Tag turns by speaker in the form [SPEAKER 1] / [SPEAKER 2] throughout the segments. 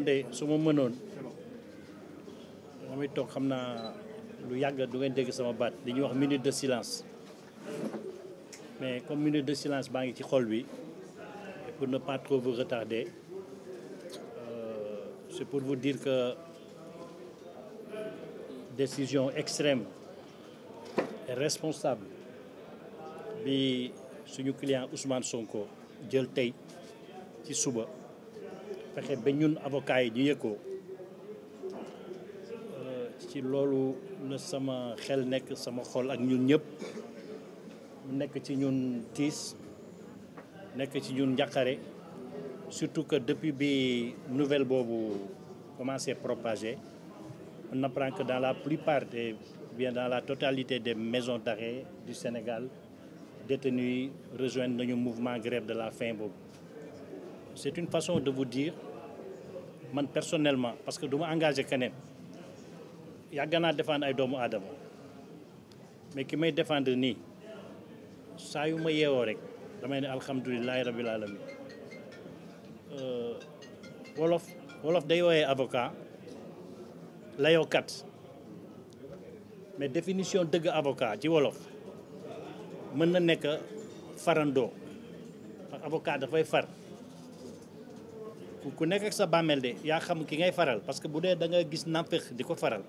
[SPEAKER 1] man su ma mënoon damay toog xam naa lu yàgg du ngeen dégg sama baat li ñuy wax minute de silence mais comme minute de silence baa ngi ci xol bi pour ne pas trop vous retarder euh, c'est pour vous dire que décision extrême et responsable bi suñu client Ousmane Sonko jël tey ci suba fexe ba ñun avocat yi ñu yëg ko euh, ci loolu la sama xel nekk sama xol ak ñun ñëpp nekk ci ñun tiis nekk ci ñun njàqare surtout que depuis bi nouvelle boobu commencé propager on apprend que dans la plupart des bien dans la totalité des maisons d'arrêt du Sénégal détenus yi rejoindre nañu mouvement grève de la fin boobu c'est une façon de vous dire man personnellement parce que duma ma engagé keneen yàgg naa défendre ay doomu aadama mais ki may défendre nii saa yu ma yeewoo rek damay ne alhamdulilahi rabil alamin euh, wolof wolof day wooyee avocat layookat mais définition dëgg avocat ci wolof mën na nekk farandoo avocat dafay far ku nekk ak sa bàmmeel de yaa xam ki ngay faral parce que bu dee da nga gis nàmpeex di ko faral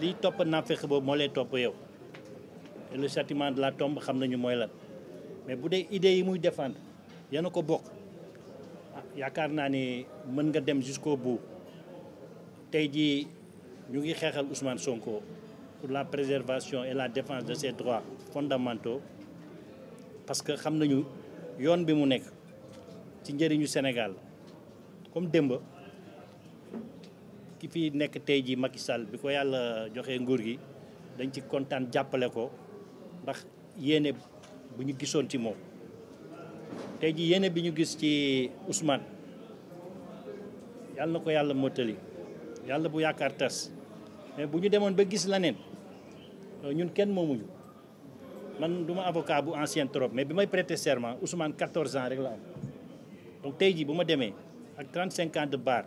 [SPEAKER 1] li topp nàmpeex boobu moo lay topp yow et le châtiment de la tombe xam nañu mooy lan mais bu dee idées yi muy défendre yana ko bokk ah, yaakaar naa ni mën nga dem jusko bout tey jii ñu ngi xeexal Ousmane Sonko pour la préservation et la défense de ses droits fondamentaux parce que xam nañu yoon bi mu nekk ci njëriñu Sénégal comme démb ki fi nekk tey jii Macky Sall bi ko yàlla joxee nguur gi dañ ci kontaan jàppale ko ndax yéene bu ñu gisoon ci moom tey jii yéene bi ñu gis ci Ousmane yàlla na ko yàlla mottali yàlla bu yaakaar tas mais bu ñu demoon ba gis leneen ñun kenn moomuñu man du ma avocat bu ancien trop mais bi may prêter serment Ousmane 14 ans rek la am donc tey jii bu ma demee ak 35 ans de bar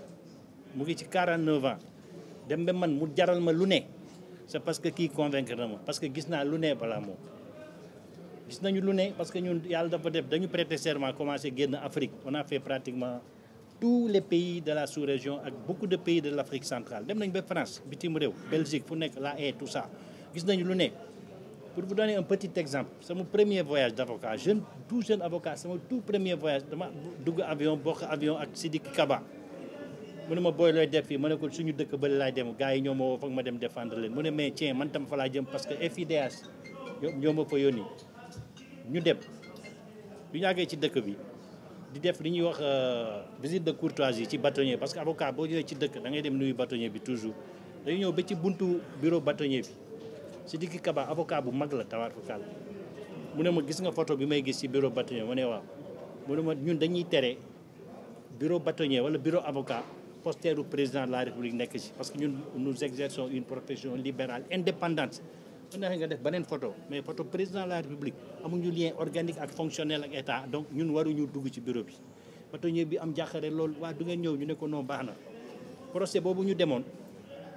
[SPEAKER 1] mu ngi ci 49 ans dem ba man mu jaral ma lu ne c'est parce que ki convaincre na ma parce que gis naa lu ne balaa moom. gis nañu lu ne parce que ñun yàlla dafa def dañu prêter serment commencé génn Afrique on a fait pratiquement tous les pays de la sous-région ak beaucoup de pays de l'Afrique centrale dem nañ ba France bitim réew Belgique fu nekk la haye tout ça gis nañu lu ne. Pour vous donner un petit exemple, c'est mon premier voyage d'avocat, jeune, tout jeune avocat, c'est mon tout premier voyage. dama dugg avion bokk avion ak Sidiki Kaba mu ma booy looy def fii ma ne ko suñu dëkk bële laay dem gars yi ñoo ma woo ma dem défendre leen mu ne mais tiens man tam fa laa jëm parce que FIDH ñoo ma fa yónni ñu dem bu ñu àggee ci dëkk bi di def li ñuy wax euh, visite de courtoisie yi ci bâtonnier parce que avocat boo ñëwee ci dëkk da ngay dem nuyu bâtonnier bi toujours dañu ñëw ba ci buntu bureau bâtonnier bi. Sidiki Kaba avocat bu mag la tawaatukaal mu ne ma gis nga photo bi may gis ci bureau bâtonnier ma ne waaw mu ne ma ñun dañuy tere bureau bâtonnier wala bureau avocat posteeru président de la république nekk ci parce que ñun nous exerçons une profession libérale indépendante mu neexee nga def beneen photo mais photo président de la république amuñu lien organique ak fonctionnel ak état donc ñun waruñu dugg ci bureau bi bâtonnier bi am jàqare loolu waa du ngeen ñëw ñu ne baax na procès boobu ñu demoon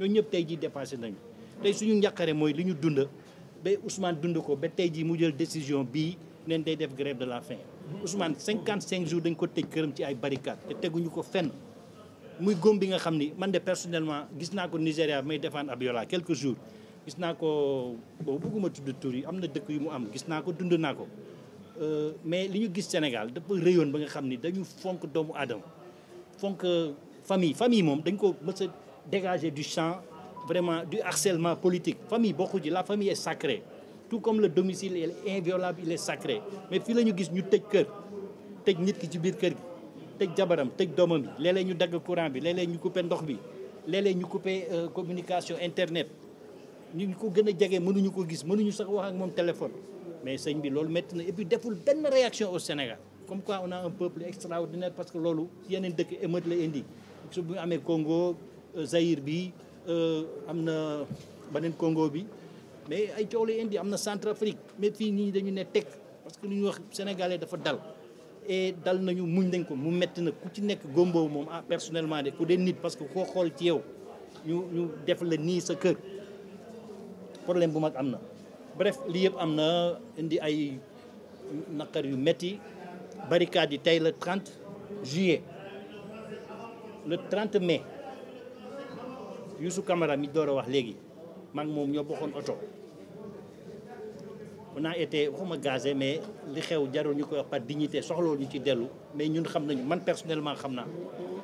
[SPEAKER 1] ñooñu ñëpp tey jii dépassé nañu tey suñu njàqare mooy li ñu dund ba Ousmane dund ko ba tey jii mu jël décision bi neen day def grève de la faim Ousmane cinq jours dañ ko tëj këram ci ay barricades te teguñu ko fenn muy góom bi nga xam ni man de personnellement gis naa ko Nigéria may ab Abiola quelques jours gis naa ko boobu bëgguma tudd tur yi am na dëkk yu mu am gis naa ko dund naa ko euh, mais li ñu gis Sénégal dafa réyoon ba nga xam ni dañu fonk doomu aadama fonk dégager du champ vraiment du harcèlement politique famille bokku ci la famille est sacrée tout comme le domicile il est inviolable il est sacré mais fii la ñu gis ñu tëj kër tëj nit ki ci biir kër gi tëj jabaram tëj doomam bi léeg ñu dagg courant bi léeg ñu coupé ndox bi léeg ñu coupé euh, communication internet ñu ko gën a jege mënuñu ko gis mënuñu sax wax ak moom téléphone mais señ bi loolu métti na et puis deful benn réaction au Sénégal comme quoi a parce que loolu yeneen dëkk émeute la indi Euh, Zaïre bi euh, am na beneen Congo bi mais ay coow lay indi am na Centrafrique mais fii nit ñi dañu ne teg parce que lu ñu wax sénégalais dafa dal e dal nañu muñ nañ ko mu metti na ku ci nekk gombo moom ah personnellement de ku dee nit parce que koo xool ci yow ñu ñu def la nii sa kër problème bu mag am na bref lii yëpp am na indi ay naqar yu metti barricade yi tey le 30 juillet le 30 mai Youssou Camara mi door a wax léegi maa moom ñoo bokkoon oto on a été waxuma gazé mais li xew jarul ñu koy wax par dignité soxloo ñu ci dellu mais ñun xam nañu man personnellement xam naa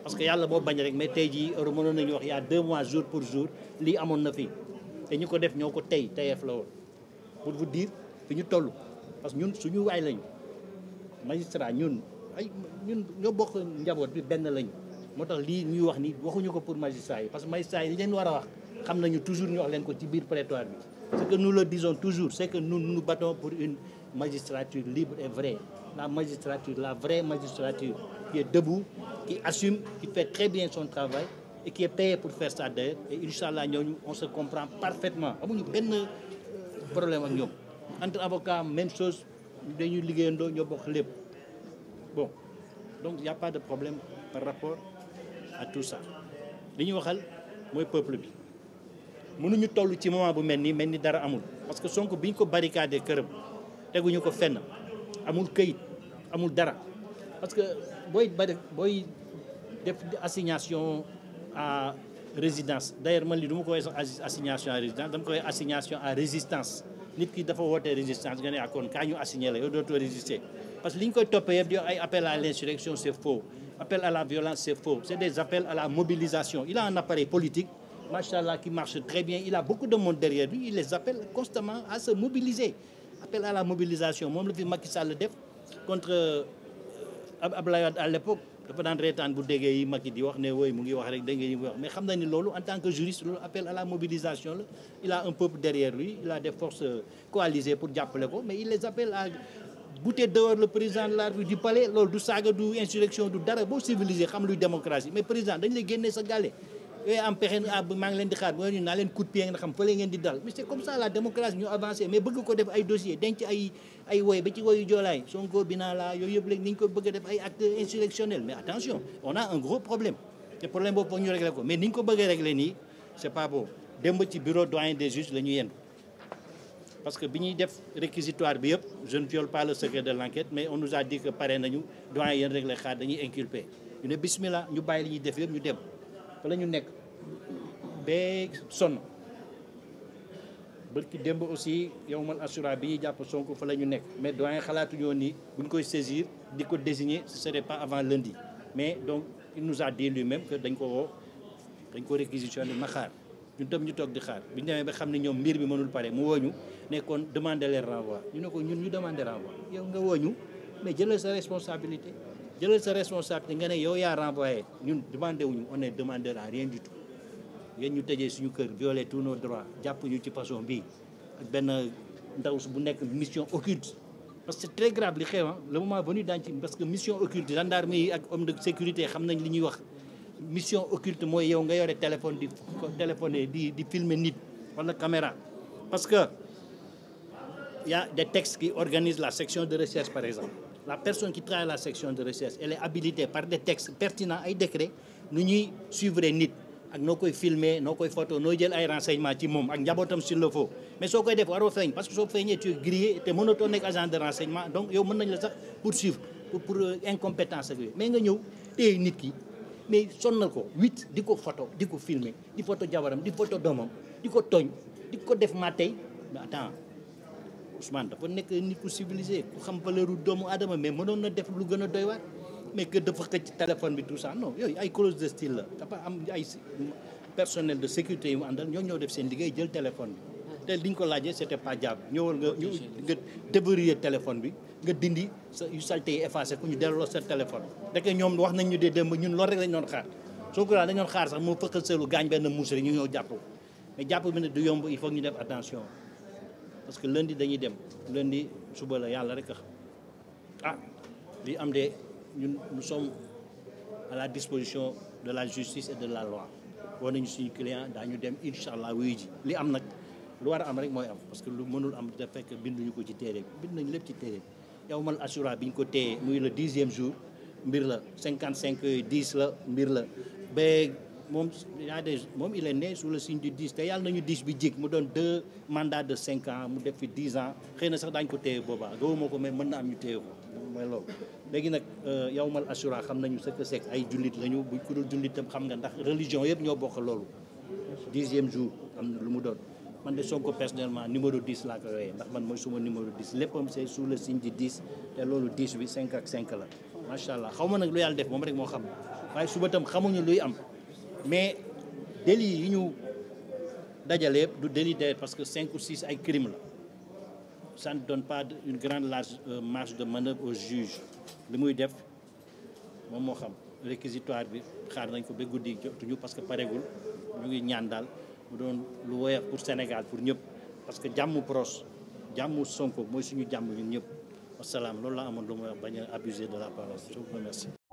[SPEAKER 1] parce que yàlla moo bañ rek mais tey jii heure mënoon nañu wax y'a deux mois jour pour jour lii amoon na fii te ñu ko def ñoo ko tey teyeef la woon pour vous dire fi ñu toll parce que ñun suñu waay lañu magistrat ñun ay ñun ñoo bokk njaboot bi benn lañu moo tax lii ñuy wax ni waxuñu ko pour magistrat yi parce que magistrat yi li leen war a wax xam nañu toujours ñu wax leen ko ci biir prétoire bi ce que nous le disons toujours c'est que nous nous battons pour une magistrature libre et vraie la magistrature la vraie magistrature qui est debout qui assume qui fait très bien son travail et qui est payé pour faire ça d'ailleurs et inchallah ñooñu on se comprend parfaitement amuñu benn euh, problème ak ñoom entre avocats même chose dañuy liggéeyandoo ñoo bokk lépp bon problème par à tout ça li ñu waxal mooy peuple bi mënuñu toll ci moment bu mel ni mel ni dara amul parce que Sonko bi ñu ko barricadé këram teguñu ko fenn amul këyit amul dara parce que booy bari booy def assignation à résidence d'ailleurs man li du ma assignation à résidence dama ko woowee assignation à résistance nit ki dafa wootee résistance nga ne akoon ah kaa ñu assigné la yow dootoo résister parce que li ñu koy toppee yëpp di ay appel à l'insurrection Appel à la violence, c'est des appels à la mobilisation. Il a un appareil politique, machallah, qui marche très bien. Il a beaucoup de monde derrière lui. Il les appelle constamment à se mobiliser. Appel à la mobilisation. moom la fi Macky Sall def contre euh, Abdoulaye Wade à l'époque dafa daan reetaan bu déggee yi Macky di wax ne wooy mu ngi wax rek dégg ngeen xam na ni loolu en tant que juriste loolu appel la mobilisation la il a un peuple derrière lui il a des forces euh, coalisées pour jàppale ko mais il les appelle à buté dehors le président de la République du loolu du saaga du insurrection du dara boo civilisé xam luy démocratie mais président dañ lay génnee sa gàlle am pexe ah maa ngi leen di xaar bu ñu naa leen coup de pied nga xam fële ngeen di dal mais c'est comme ça la démocratie ñu avancé mais bëgg ko def ay dossier denc ay woy ba ci woyu joolaay Sonko binaa la yooyu yëpp léegi ni ñu ko bëgg a def ay acte insurrectionnel mais attention on a un gros problème te problème boobu foog ñu réglé ko mais ko bëggee réglé nii c'est pas bon démb ci bureau doyen parce que bi ñuy def réquisitoire bi yëpp je ne viole pas le secret de l'enquête mais on nous a dit que pare nañu doyen yéen rek xaar dañuy inculpé ñu ne bismillah ñu bàyyi li ñuy def yëpp ñu dem fa la ñu nekk bee sonn bërki démb aussi yow man assura bi ñuy jàpp Sonko fa la ñu nekk mais doyen xalaatuñu woon ni bu ñu koy saisir di ko désigner ce serait pas avant lundi mais donc il nous a dit lui-même que dañ koo woo dañ ko réquisitionné ma xaar ñu dem ñu toog di xaar bi ñu demee xam ne ñoom mbir bi mënul pare mu wooñu ne kon demander les renvoi ñu ne ko ñun ñu demander renvoi yow nga wooñu mais jëlal sa responsabilité jëlal sa responsabilité nga ne yow yaa renvoyé ñun demandé wuñu on est demandeur à rien du tout yéen ñu tëjee suñu kër violer tu nos droits jàpp ñu ci façon bi ak benn ndaw bu nekk mission occulte parce que c'est très grave li xew le moment venu daañu ci parce que mission occulte gendarme yi ak homme de sécurité li ñuy wax mission occulte mooy yow nga yore téléphone di téléphoner di di filmer nit wala caméra parce que il y a des textes qui organisent la section de recherche par exemple la personne qui travaille la section de recherche elle est habilitée par des textes pertinents ay décret nu ñuy suivre nit ak noo koy filmer noo koy photo noo jël ay renseignement ci moom ak njabootam s'il le faut mais soo koy def waroo feeñ parce que soo feeñee tu es te mënatoo nekk agent de renseignement donc yow mën nañ la sax poursuivre pour pour euh, incompétence mais nga ñëw nit ki mais sonnal ko huit di ko photo di ko filmer di photo jabaram di photo doomam di ko tooñ di ko def ma tey mais attends Ousmane dafa nekk nit ku civilisé ku xam valeur leeru doomu aadama mais mënoon na def lu gën a doy waar mais que dafa xëcc téléphone bi tout ça non yooyu ay clause de style la dafa am ay personnel de sécurité yu mu àndal ñoo ñoo def seen liggéey jël téléphone bi te liñ ko laaj laajee c'était pas jaab ñëwal nga ñu nga téléphone bi nga dindi sa yu salté yi effacé ku ñu delloo sa téléphone rek ñoom wax nañ ñu dee démb ñun loolu rek lañ doon xaar soo ko dañ doon xaar sax moo fëkkal seelu gaañ benn muusari ñu ñëw jàpp mais jàpp bi ne du yomb il faut ñu def attention parce que lundi dañuy dem lundi suba la yàlla rek a xam ah li am de ñun nous sommes à la disposition de la justice et de la loi war nañu suñu client daañu dem incha allah wuyu ji li am nag lu war a am rek mooy am parce que lu mënul am da fekk binduñu ko ci téere bind nañu lépp ci téere yow mal assura bi ñu ko téye muy le dixième jour mbir la cinquante cinq dix la mbir la ba moom yaa des moom il est né sous le te yàlla nañu dix bi jik mu doon deux mandats de cinq ans mu def fi dix ans xëy na sax daañu ko téye boobaa gawuma ko mais mën na am ñu téye ko mooy loolu léegi nag euh, yow mal assura xam nañu ce que c'est ay jullit lañu bu ku dul jullit xam nga ndax religion yëpp ñoo bokk loolu dixième jour am na lu mu doon man de Sonko personnellement numéro 10 laa ko yooyee ndax man mooy suma numéro 10 léppam c'est sous le signe du 10 te loolu 10 bi 5 ak 5 la macha allah xaw ma nag lu yàlla def moom rek moo xam waaye suba tam xamuñu luy am mais délit yi ñu dajale du délit parce que cinq ou 6 ay crime la ça ne donne pas une grande large euh, marge de manœuvre au juge li muy def moom moo xam réquisitoire bi xaar nañ ko ba guddi jotuñu parce que paregul ñu mu doon lu woyof pour Sénégal pour ñëpp parce que jàmm proche jàmm Sonko mooy suñu jàmm ñun ñëpp wasalaam loolu la amoon lu may wax bañ de la parole je vous